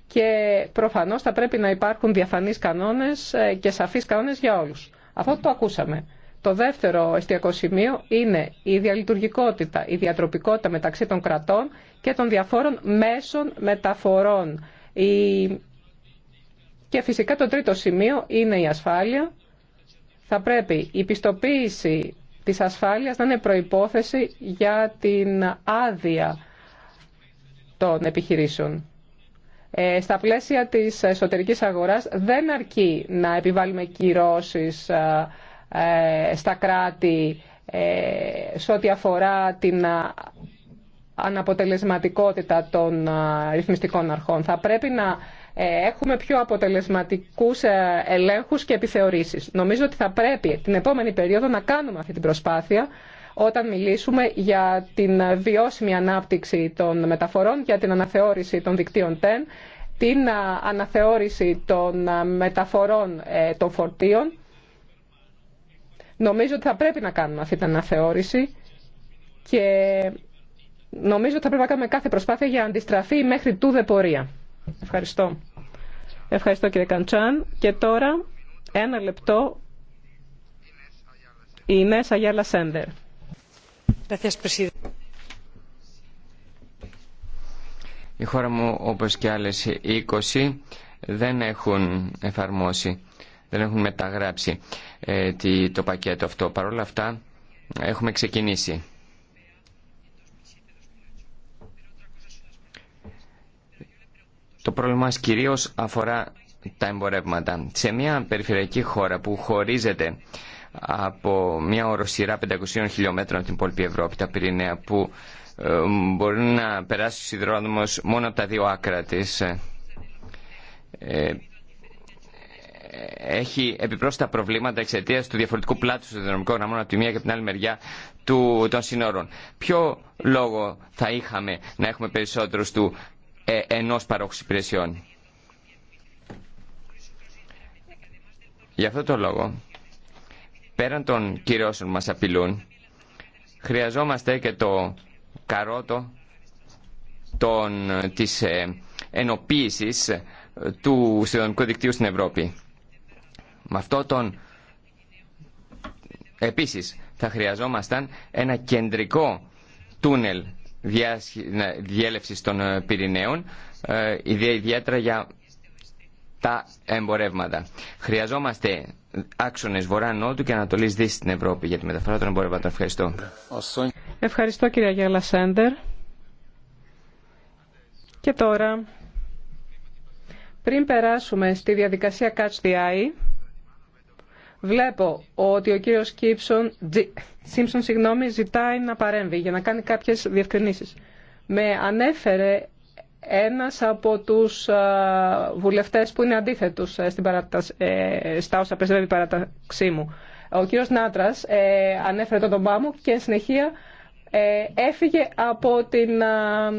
και προφανώς θα πρέπει να υπάρχουν διαφανείς κανόνες ε, και σαφείς κανόνες για όλους. Αυτό το ακούσαμε. Το δεύτερο εστιακό σημείο είναι η διαλειτουργικότητα, η διατροπικότητα μεταξύ των κρατών και των διαφόρων μέσων μεταφορών. Και φυσικά το τρίτο σημείο είναι η ασφάλεια. Θα πρέπει η πιστοποίηση της ασφάλειας να είναι προϋπόθεση για την άδεια των επιχειρήσεων. Ε, στα πλαίσια της εσωτερικής αγοράς δεν αρκεί να επιβάλλουμε κυρώσεις ε, στα κράτη ε, σε ό,τι αφορά την ε, αναποτελεσματικότητα των ρυθμιστικών αρχών. Θα πρέπει να έχουμε πιο αποτελεσματικούς ελέγχους και επιθεωρήσεις. Νομίζω ότι θα πρέπει την επόμενη περίοδο να κάνουμε αυτή την προσπάθεια όταν μιλήσουμε για την βιώσιμη ανάπτυξη των μεταφορών, για την αναθεώρηση των δικτύων TEN, την αναθεώρηση των μεταφορών των φορτίων Νομίζω ότι θα πρέπει να κάνουμε αυτή την αναθεώρηση και νομίζω ότι θα πρέπει να κάνουμε κάθε προσπάθεια για να αντιστραφεί μέχρι τούδε πορεία. Ευχαριστώ. Ευχαριστώ κύριε Καντσάν. Και τώρα ένα λεπτό η Ινές Αγιάλα Σέντερ. Η χώρα μου όπως και άλλες 20 δεν έχουν εφαρμόσει δεν έχουν μεταγράψει ε, το πακέτο αυτό. Παρ' όλα αυτά έχουμε ξεκινήσει. Το πρόβλημα μας κυρίως αφορά τα εμπορεύματα. Σε μια περιφερειακή χώρα που χωρίζεται από μια οροσυρά 500 χιλιόμετρων από την υπόλοιπη Ευρώπη, τα Πυρηναία, που ε, μπορεί να περάσει ο σιδηρόδρομος μόνο από τα δύο άκρα της. Ε, έχει επιπρόσθετα προβλήματα εξαιτία του διαφορετικού πλάτου του δυναμικών γραμμών από τη μία και την άλλη μεριά του, των συνόρων. Ποιο λόγο θα είχαμε να έχουμε περισσότερου του ε, ενό παρόχου υπηρεσιών. Για αυτό το λόγο, πέραν των κυρώσεων που μας απειλούν, χρειαζόμαστε και το καρότο των, της ε, ενοποίησης του συνδρομικού δικτύου στην Ευρώπη. Με αυτό τον... Επίσης θα χρειαζόμασταν ένα κεντρικό τούνελ ναι, διέλευσης των ε, Πυρηναίων, ε, ιδιαίτερα για τα εμπορεύματα. Χρειαζόμαστε άξονες βορρά-νότου και ανατολής δύση στην Ευρώπη για τη μεταφορά των εμπορεύματων. Ευχαριστώ. Ευχαριστώ κυρία Γιάλα Σέντερ. Και τώρα, πριν περάσουμε στη διαδικασία Catch the Eye, Βλέπω ότι ο κύριος Κίψον, Σίμψον συγγνώμη, ζητάει να παρέμβει για να κάνει κάποιες διευκρινήσεις. Με ανέφερε ένας από τους βουλευτές που είναι αντίθετος ε, στην παράταση, ε, στα όσα πρεσβεύει η παράταξή μου. Ο κύριος Νάτρας ε, ανέφερε τον τομπά μου και συνεχεία έφυγε από την α,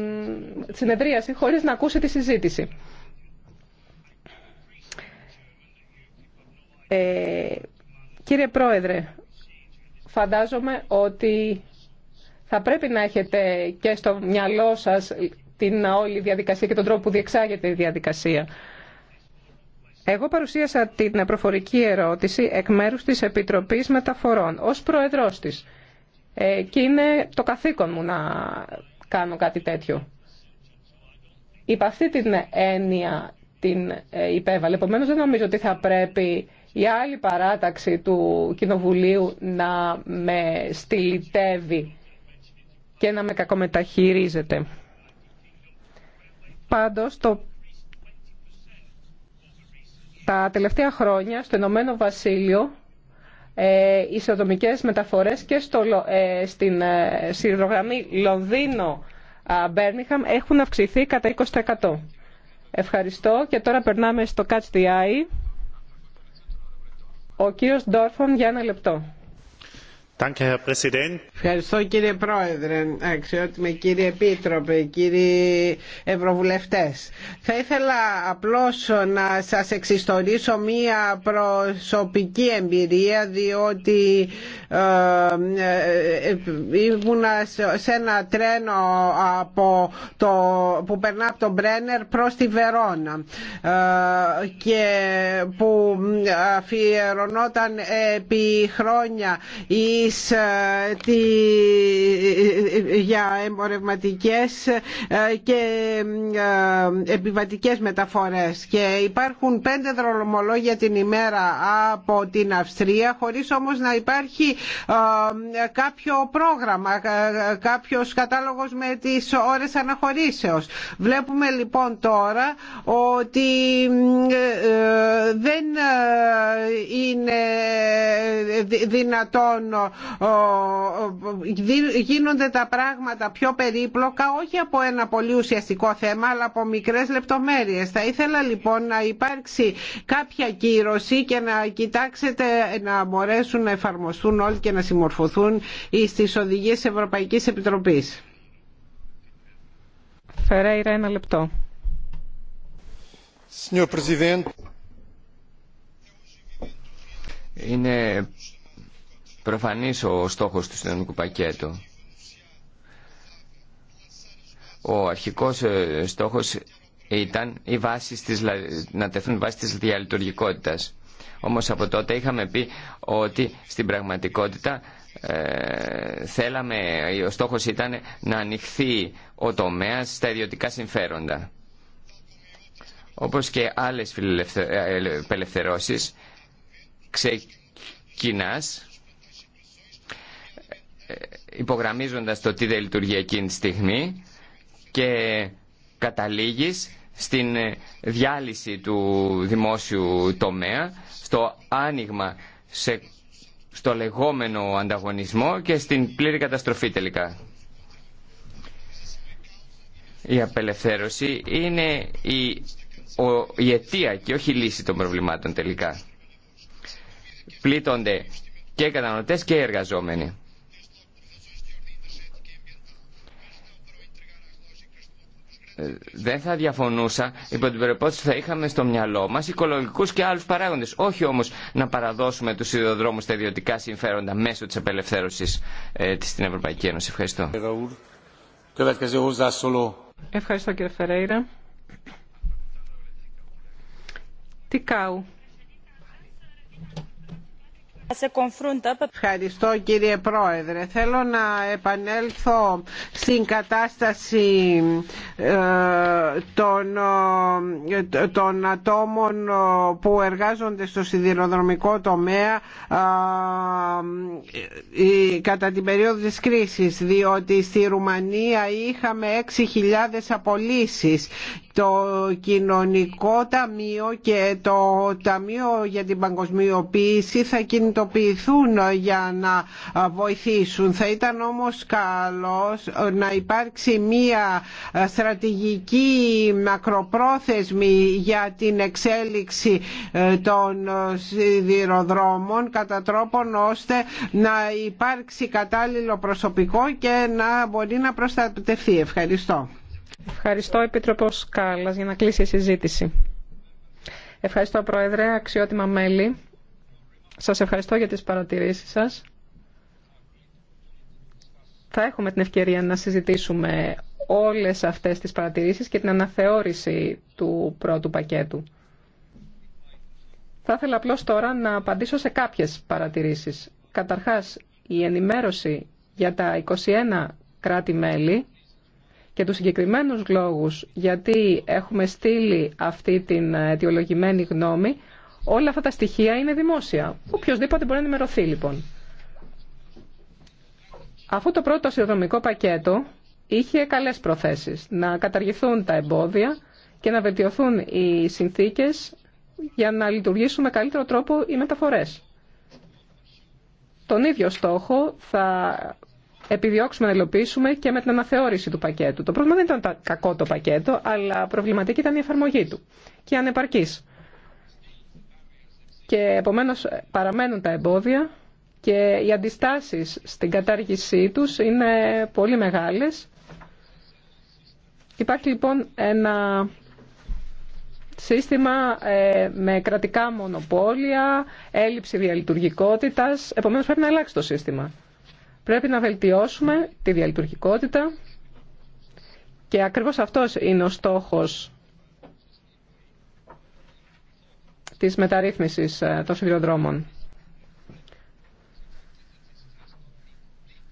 συνεδρίαση χωρίς να ακούσει τη συζήτηση. Κύριε Πρόεδρε, φαντάζομαι ότι θα πρέπει να έχετε και στο μυαλό σας την όλη διαδικασία και τον τρόπο που διεξάγεται η διαδικασία. Εγώ παρουσίασα την προφορική ερώτηση εκ μέρους της Επιτροπής Μεταφορών ως πρόεδρός της ε, και είναι το καθήκον μου να κάνω κάτι τέτοιο. Υπ' αυτή την έννοια την ε, υπέβαλε. Επομένως δεν νομίζω ότι θα πρέπει η άλλη παράταξη του Κοινοβουλίου να με στυλιτεύει και να με κακομεταχειρίζεται. Πάντως, το... τα τελευταία χρόνια στο Ηνωμένο Βασίλειο ε, ισοδομικές μεταφορές και στο, ε, στην ε, λονδινο Λονδίνο-Μπέρνιχαμ έχουν αυξηθεί κατά 20%. Ευχαριστώ και τώρα περνάμε στο Catch ο κύριος Ντόρφον για ένα λεπτό. Ευχαριστώ κύριε Πρόεδρε, αξιότιμε κύριε Επίτροπε, κύριοι Ευρωβουλευτές. Θα ήθελα απλώς να σας εξιστορήσω μία προσωπική εμπειρία διότι ε, ε, ήμουνα σε ένα τρένο από το, που περνά από τον Μπρένερ προς τη Βερόνα ε, και που αφιερωνόταν επί χρόνια η ε, για εμπορευματικές ε, και ε, επιβατικές μεταφορές και υπάρχουν πέντε δρομολόγια την ημέρα από την Αυστρία χωρίς όμως να υπάρχει κάποιο πρόγραμμα, κάποιος κατάλογος με τις ώρες αναχωρήσεως. Βλέπουμε λοιπόν τώρα ότι δεν είναι δυνατόν γίνονται τα πράγματα πιο περίπλοκα όχι από ένα πολύ ουσιαστικό θέμα αλλά από μικρές λεπτομέρειες. Θα ήθελα λοιπόν να υπάρξει κάποια κύρωση και να κοιτάξετε να μπορέσουν να εφαρμοστούν όλοι και να συμμορφωθούν στις οδηγίες Ευρωπαϊκής Επιτροπής. Φερέιρα, ένα λεπτό. Είναι προφανής ο στόχος του συνολικού πακέτου. Ο αρχικός ε, στόχος ήταν η βάση της, να τεθούν βάσει της διαλειτουργικότητας. Όμως από τότε είχαμε πει ότι στην πραγματικότητα ε, θέλαμε, ο στόχος ήταν να ανοιχθεί ο τομέας στα ιδιωτικά συμφέροντα. Όπως και άλλες φιλελευθερώσεις, ε, ξεκινάς υπογραμμίζοντας το τι δεν λειτουργεί εκείνη τη στιγμή και καταλήγεις στην διάλυση του δημόσιου τομέα, στο άνοιγμα, σε, στο λεγόμενο ανταγωνισμό και στην πλήρη καταστροφή τελικά. Η απελευθέρωση είναι η, ο, η αιτία και όχι η λύση των προβλημάτων τελικά. Πλήττονται και οι καταναλωτές και οι εργαζόμενοι. Ε, δεν θα διαφωνούσα υπό την προπόθεση ότι θα είχαμε στο μυαλό μα οικολογικού και άλλου παράγοντε. Όχι όμω να παραδώσουμε του σιδηροδρόμου στα ιδιωτικά συμφέροντα μέσω τη απελευθέρωση ε, της στην Ευρωπαϊκή Ένωση. Ευχαριστώ. Ευχαριστώ κύριε Φερέιρα. Τι κάου. Ευχαριστώ κύριε Πρόεδρε. Θέλω να επανέλθω στην κατάσταση ε, των, ε, των ατόμων ε, που εργάζονται στο σιδηροδρομικό τομέα κατά την περίοδο της κρίσης, διότι στη Ρουμανία είχαμε 6.000 απολύσεις το κοινωνικό ταμείο και το ταμείο για την παγκοσμιοποίηση θα κινητοποιηθούν για να βοηθήσουν. Θα ήταν όμως καλός να υπάρξει μία στρατηγική μακροπρόθεσμη για την εξέλιξη των σιδηροδρόμων κατά τρόπον ώστε να υπάρξει κατάλληλο προσωπικό και να μπορεί να προστατευτεί. Ευχαριστώ. Ευχαριστώ, Επίτροπο Κάλλα, για να κλείσει η συζήτηση. Ευχαριστώ, Πρόεδρε, αξιότιμα μέλη. Σας ευχαριστώ για τις παρατηρήσεις σας. Θα έχουμε την ευκαιρία να συζητήσουμε όλες αυτές τις παρατηρήσεις και την αναθεώρηση του πρώτου πακέτου. Θα ήθελα απλώς τώρα να απαντήσω σε κάποιες παρατηρήσεις. Καταρχάς, η ενημέρωση για τα 21 κράτη-μέλη και τους συγκεκριμένους λόγους γιατί έχουμε στείλει αυτή την αιτιολογημένη γνώμη, όλα αυτά τα στοιχεία είναι δημόσια. Οποιοςδήποτε μπορεί να ενημερωθεί λοιπόν. Αυτό το πρώτο συνδρομικό πακέτο είχε καλές προθέσεις να καταργηθούν τα εμπόδια και να βελτιωθούν οι συνθήκες για να λειτουργήσουν με καλύτερο τρόπο οι μεταφορές. Τον ίδιο στόχο θα επιδιώξουμε να υλοποιήσουμε και με την αναθεώρηση του πακέτου. Το πρόβλημα δεν ήταν κακό το πακέτο, αλλά προβληματική ήταν η εφαρμογή του και ανεπαρκής. Και επομένως ε, παραμένουν τα εμπόδια και οι αντιστάσεις στην κατάργησή τους είναι πολύ μεγάλες. Υπάρχει λοιπόν ένα σύστημα ε, με κρατικά μονοπόλια, έλλειψη διαλειτουργικότητας, επομένως πρέπει να αλλάξει το σύστημα. Πρέπει να βελτιώσουμε τη διαλειτουργικότητα και ακριβώς αυτός είναι ο στόχος της μεταρρύθμισης ε, των σιδηροδρόμων.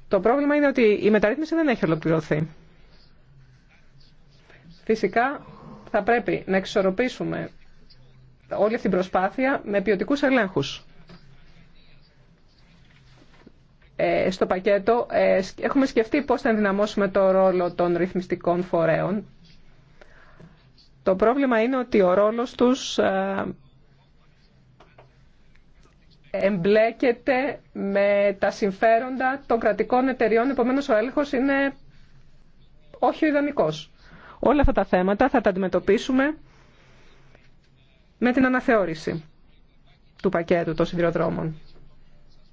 Το πρόβλημα είναι ότι η μεταρρύθμιση δεν έχει ολοκληρωθεί. Φυσικά θα πρέπει να εξορροπήσουμε όλη αυτή την προσπάθεια με ποιοτικού ελέγχους. Ε, στο πακέτο ε, έχουμε σκεφτεί πώς θα ενδυναμώσουμε το ρόλο των ρυθμιστικών φορέων. Το πρόβλημα είναι ότι ο ρόλος τους ε, εμπλέκεται με τα συμφέροντα των κρατικών εταιριών, επομένως ο έλεγχος είναι όχι ο ιδανικός. Όλα αυτά τα θέματα θα τα αντιμετωπίσουμε με την αναθεώρηση του πακέτου των σιδηροδρόμων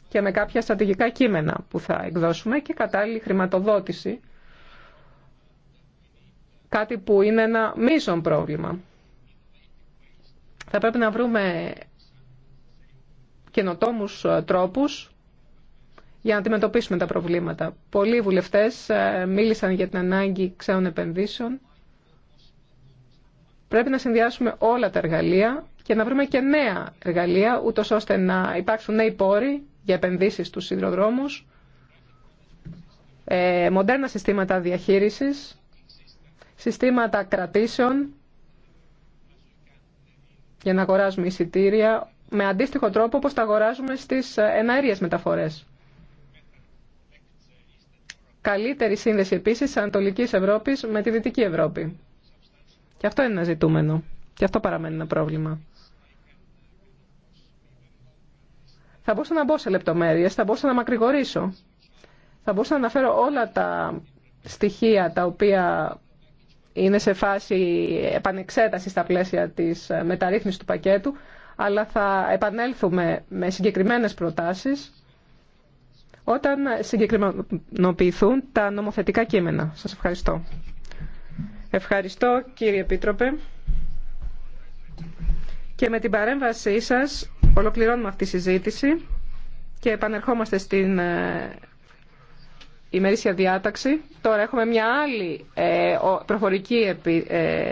και με κάποια στρατηγικά κείμενα που θα εκδώσουμε και κατάλληλη χρηματοδότηση. Κάτι που είναι ένα μείζον πρόβλημα. Θα πρέπει να βρούμε καινοτόμους ε, τρόπους για να αντιμετωπίσουμε τα προβλήματα. Πολλοί βουλευτές ε, μίλησαν για την ανάγκη ξένων επενδύσεων. Πρέπει να συνδυάσουμε όλα τα εργαλεία και να βρούμε και νέα εργαλεία, ούτως ώστε να υπάρξουν νέοι πόροι για επενδύσεις στους σιδηροδρόμους, ε, μοντέρνα συστήματα διαχείρισης, συστήματα κρατήσεων για να αγοράζουμε εισιτήρια με αντίστοιχο τρόπο όπως τα αγοράζουμε στις ε, εναέριες μεταφορές. Καλύτερη σύνδεση επίσης της Ανατολικής Ευρώπης με τη Δυτική Ευρώπη. Και αυτό είναι ένα ζητούμενο. Και αυτό παραμένει ένα πρόβλημα. Θα μπορούσα να μπω σε λεπτομέρειες, θα μπορούσα να μακρηγορήσω. Θα μπορούσα να αναφέρω όλα τα στοιχεία τα οποία είναι σε φάση επανεξέταση στα πλαίσια της μεταρρύθμισης του πακέτου, αλλά θα επανέλθουμε με συγκεκριμένες προτάσεις όταν συγκεκριμενοποιηθούν τα νομοθετικά κείμενα. Σας ευχαριστώ. Ευχαριστώ κύριε Επίτροπε. Και με την παρέμβασή σας Ολοκληρώνουμε αυτή τη συζήτηση και επανερχόμαστε στην ε, ημερήσια διάταξη. Τώρα έχουμε μια άλλη ε, προφορική ε,